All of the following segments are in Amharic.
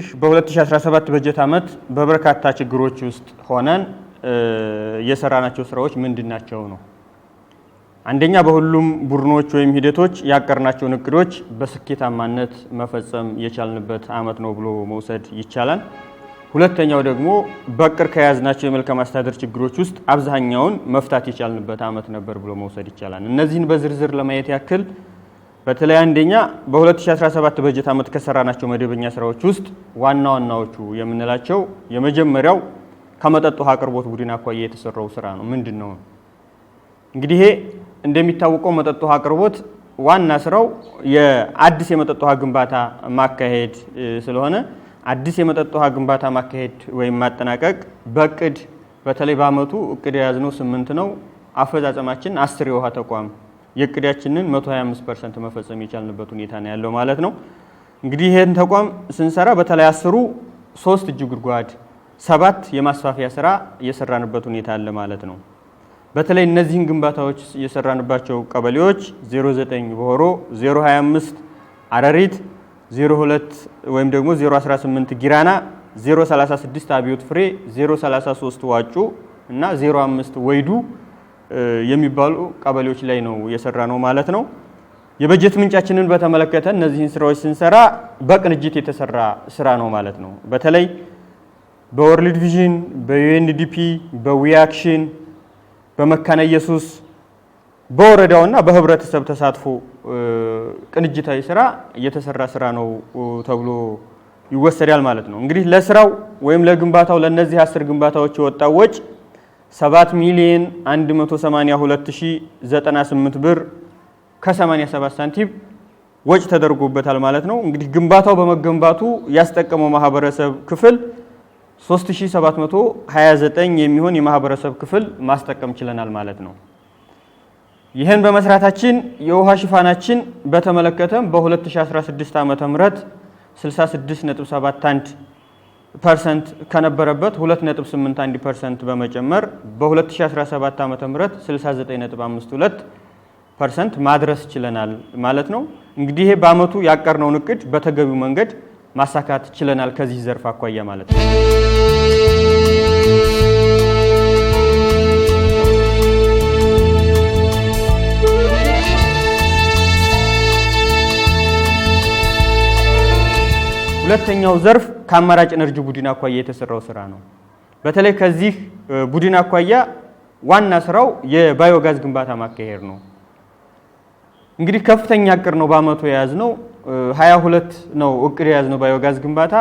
እንግዲህ በ2017 በጀት ዓመት በበርካታ ችግሮች ውስጥ ሆነን የሰራናቸው ስራዎች ምንድናቸው ነው? አንደኛ በሁሉም ቡድኖች ወይም ሂደቶች ያቀርናቸውን እቅዶች በስኬታማነት መፈጸም የቻልንበት ዓመት ነው ብሎ መውሰድ ይቻላል። ሁለተኛው ደግሞ በቅር ከያዝናቸው የመልካም አስተዳደር ችግሮች ውስጥ አብዛኛውን መፍታት የቻልንበት ዓመት ነበር ብሎ መውሰድ ይቻላል። እነዚህን በዝርዝር ለማየት ያክል በተለይ አንደኛ በ2017 በጀት ዓመት ከሰራናቸው መደበኛ ስራዎች ውስጥ ዋና ዋናዎቹ የምንላቸው የመጀመሪያው ከመጠጥ ውሃ አቅርቦት ቡድን አኳያ የተሰራው ስራ ነው። ምንድን ነው እንግዲህ ይሄ እንደሚታወቀው መጠጥ ውሃ አቅርቦት ዋና ስራው የአዲስ የመጠጥ ውሃ ግንባታ ማካሄድ ስለሆነ አዲስ የመጠጥ ውሃ ግንባታ ማካሄድ ወይም ማጠናቀቅ በእቅድ በተለይ በአመቱ እቅድ የያዝነው ስምንት ነው። አፈጻጸማችን አስር የውሃ ተቋም የእቅዳችንን 125 ፐርሰንት መፈጸም የቻልንበት ሁኔታ ነው ያለው ማለት ነው። እንግዲህ ይህን ተቋም ስንሰራ በተለይ አስሩ ሶስት እጅ ጉድጓድ ሰባት የማስፋፊያ ስራ እየሰራንበት ሁኔታ አለ ማለት ነው። በተለይ እነዚህን ግንባታዎች የሰራንባቸው ቀበሌዎች 09 በሆሮ፣ 025 አረሪት፣ 02 ወይም ደግሞ 018 ጊራና፣ 036 አብዮት ፍሬ፣ 033 ዋጩ እና 05 ወይዱ የሚባሉ ቀበሌዎች ላይ ነው የሰራ ነው ማለት ነው። የበጀት ምንጫችንን በተመለከተ እነዚህን ስራዎች ስንሰራ በቅንጅት የተሰራ ስራ ነው ማለት ነው። በተለይ በወርልድ ቪዥን፣ በዩኤንዲፒ፣ በዊያክሽን፣ በመካነ ኢየሱስ በወረዳውና በህብረተሰብ ተሳትፎ ቅንጅታዊ ስራ የተሰራ ስራ ነው ተብሎ ይወሰዳል ማለት ነው። እንግዲህ ለስራው ወይም ለግንባታው ለእነዚህ አስር ግንባታዎች የወጣው ወጪ 7 ሚሊዮን 182098 ብር ከ87 ሳንቲም ወጭ ተደርጎበታል ማለት ነው። እንግዲህ ግንባታው በመገንባቱ ያስጠቀመው ማህበረሰብ ክፍል 3729 የሚሆን የማህበረሰብ ክፍል ማስጠቀም ችለናል ማለት ነው። ይህን በመስራታችን የውሃ ሽፋናችን በተመለከተም በ2016 ዓ.ም 66.71 ፐርሰንት ከነበረበት 2.81 ፐርሰንት በመጨመር በ2017 ዓ ም 69.52 ፐርሰንት ማድረስ ችለናል ማለት ነው። እንግዲህ ይሄ በአመቱ ያቀርነውን እቅድ በተገቢው መንገድ ማሳካት ችለናል ከዚህ ዘርፍ አኳያ ማለት ነው። ሁለተኛው ዘርፍ ከአማራጭ ኤነርጂ ቡድን አኳያ የተሰራው ስራ ነው። በተለይ ከዚህ ቡድን አኳያ ዋና ስራው የባዮጋዝ ግንባታ ማካሄድ ነው። እንግዲህ ከፍተኛ እቅድ ነው በአመቱ የያዝነው ሀያ ሁለት ነው እቅድ የያዝ ነው ባዮጋዝ ግንባታ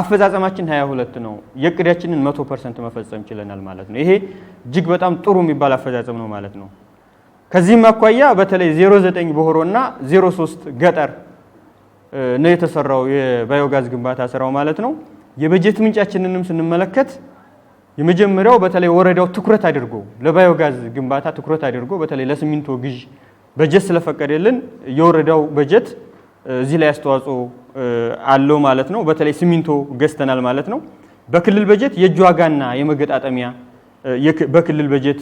አፈጻጸማችን 22 ነው። የእቅዳችንን 100% መፈጸም ችለናል ማለት ነው። ይሄ እጅግ በጣም ጥሩ የሚባል አፈጻጸም ነው ማለት ነው። ከዚህም አኳያ በተለይ 09 በሆሮና 03 ገጠር ነው የተሰራው የባዮጋዝ ግንባታ ስራው ማለት ነው። የበጀት ምንጫችንንም ስንመለከት የመጀመሪያው በተለይ ወረዳው ትኩረት አድርጎ ለባዮጋዝ ግንባታ ትኩረት አድርጎ በተለይ ለሲሚንቶ ግዥ በጀት ስለፈቀደልን የወረዳው በጀት እዚህ ላይ አስተዋጽኦ አለው ማለት ነው። በተለይ ሲሚንቶ ገዝተናል ማለት ነው። በክልል በጀት የእጅ ዋጋና የመገጣጠሚያ በክልል በጀት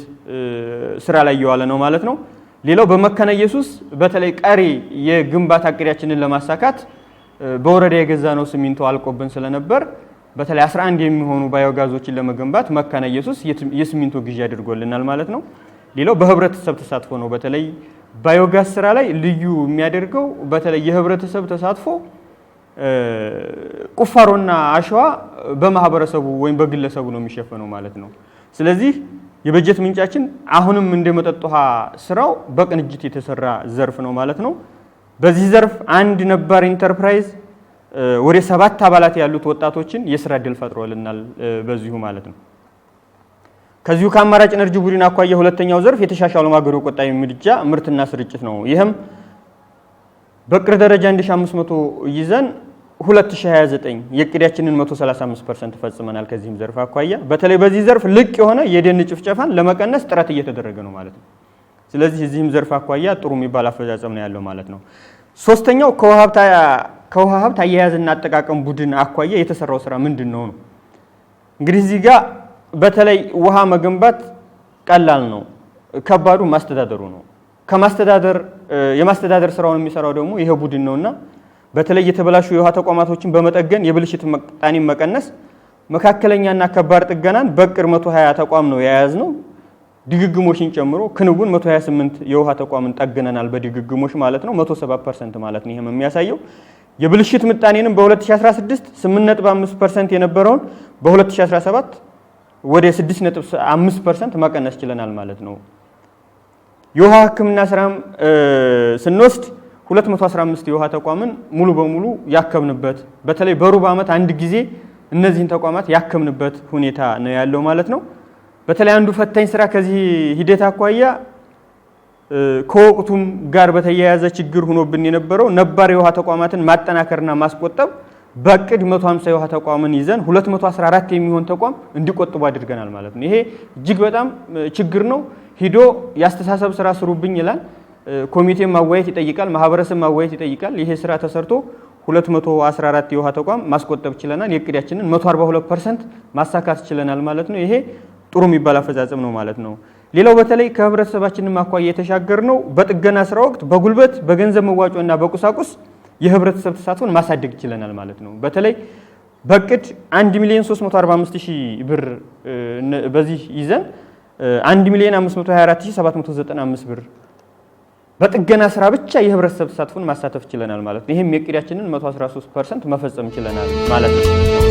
ስራ ላይ እየዋለ ነው ማለት ነው። ሌላው በመካነ ኢየሱስ በተለይ ቀሪ የግንባታ እቅዳችንን ለማሳካት በወረዳ የገዛ ነው ሲሚንቶ አልቆብን ስለነበር በተለይ 11 የሚሆኑ ባዮጋዞችን ለመገንባት መካነ ኢየሱስ የሲሚንቶ ግዢ አድርጎልናል ማለት ነው። ሌላው በህብረተሰብ ተሳትፎ ነው። በተለይ ባዮጋዝ ስራ ላይ ልዩ የሚያደርገው በተለይ የህብረተሰብ ተሳትፎ ቁፋሮና አሸዋ በማህበረሰቡ ወይም በግለሰቡ ነው የሚሸፈነው ማለት ነው። ስለዚህ የበጀት ምንጫችን አሁንም እንደ መጠጥ ውሃ ስራው በቅንጅት የተሰራ ዘርፍ ነው ማለት ነው። በዚህ ዘርፍ አንድ ነባር ኢንተርፕራይዝ ወደ ሰባት አባላት ያሉት ወጣቶችን የስራ እድል ፈጥሮልናል በዚሁ ማለት ነው። ከዚሁ ከአማራጭ ኤነርጂ ቡድን አኳያ ሁለተኛው ዘርፍ የተሻሻሉ ማገዶ ቆጣቢ ምድጃ ምርትና ስርጭት ነው። ይህም በቅር ደረጃ 1500 ይዘን 2029 የእቅዳችንን 135% ፈጽመናል። ከዚህም ዘርፍ አኳያ በተለይ በዚህ ዘርፍ ልቅ የሆነ የደን ጭፍጨፋን ለመቀነስ ጥረት እየተደረገ ነው ማለት ነው። ስለዚህ እዚህም ዘርፍ አኳያ ጥሩ የሚባል አፈጻጸም ነው ያለው ማለት ነው። ሶስተኛው ከውሃ ሀብት አያያዝና አጠቃቀም ቡድን አኳያ የተሰራው ስራ ምንድን ነው ነው? እንግዲህ እዚህ ጋር በተለይ ውሃ መገንባት ቀላል ነው፣ ከባዱ ማስተዳደሩ ነው። ከማስተዳደር የማስተዳደር ስራውን የሚሰራው ደግሞ ይሄ ቡድን ነውና በተለይ የተበላሹ የውሃ ተቋማቶችን በመጠገን የብልሽት ምጣኔን መቀነስ፣ መካከለኛና ከባድ ጥገናን በቅር 120 ተቋም ነው የያዝ ነው። ድግግሞሽን ጨምሮ ክንውን 128 የውሃ ተቋምን ጠግነናል በድግግሞሽ ማለት ነው። ፐርሰንት ማለት ነው። የሚያሳየው የብልሽት ምጣኔንም በ2016 8.5% የነበረውን በ2017 ወደ 6.5% መቀነስ ችለናል ማለት ነው። የውሃ ሕክምና ስራም ስንወስድ 215 የውሃ ተቋምን ሙሉ በሙሉ ያከምንበት በተለይ በሩብ ዓመት አንድ ጊዜ እነዚህን ተቋማት ያከምንበት ሁኔታ ነው ያለው ማለት ነው። በተለይ አንዱ ፈታኝ ስራ ከዚህ ሂደት አኳያ ከወቅቱም ጋር በተያያዘ ችግር ሆኖብን የነበረው ነባር የውሃ ተቋማትን ማጠናከርና ማስቆጠብ በቅድ 150 የውሃ ተቋምን ይዘን 214 የሚሆን ተቋም እንዲቆጥቡ አድርገናል ማለት ነው። ይሄ እጅግ በጣም ችግር ነው። ሂዶ ያስተሳሰብ ስራ ስሩብኝ ይላል። ኮሚቴ ማዋየት ይጠይቃል፣ ማህበረሰብ ማዋየት ይጠይቃል። ይሄ ስራ ተሰርቶ 214 የውሃ ተቋም ማስቆጠብ ችለናል። የእቅዳችንን 142% ማሳካት ችለናል ማለት ነው። ይሄ ጥሩ የሚባል አፈጻጸም ነው ማለት ነው። ሌላው በተለይ ከህብረተሰባችን ማኳያ የተሻገር ነው። በጥገና ስራ ወቅት በጉልበት በገንዘብ መዋጮ እና በቁሳቁስ የህብረተሰብ ተሳትፎን ማሳደግ ችለናል ማለት ነው። በተለይ በቅድ 1 ሚሊዮን 345 ሺህ ብር በዚህ ይዘን 1 ሚሊዮን 524 ሺህ 795 ብር በጥገና ስራ ብቻ የህብረተሰብ ተሳትፎን ማሳተፍ ችለናል ማለት ነው። ይህም የቅዳችንን 113 ፐርሰንት መፈጸም ችለናል ማለት ነው።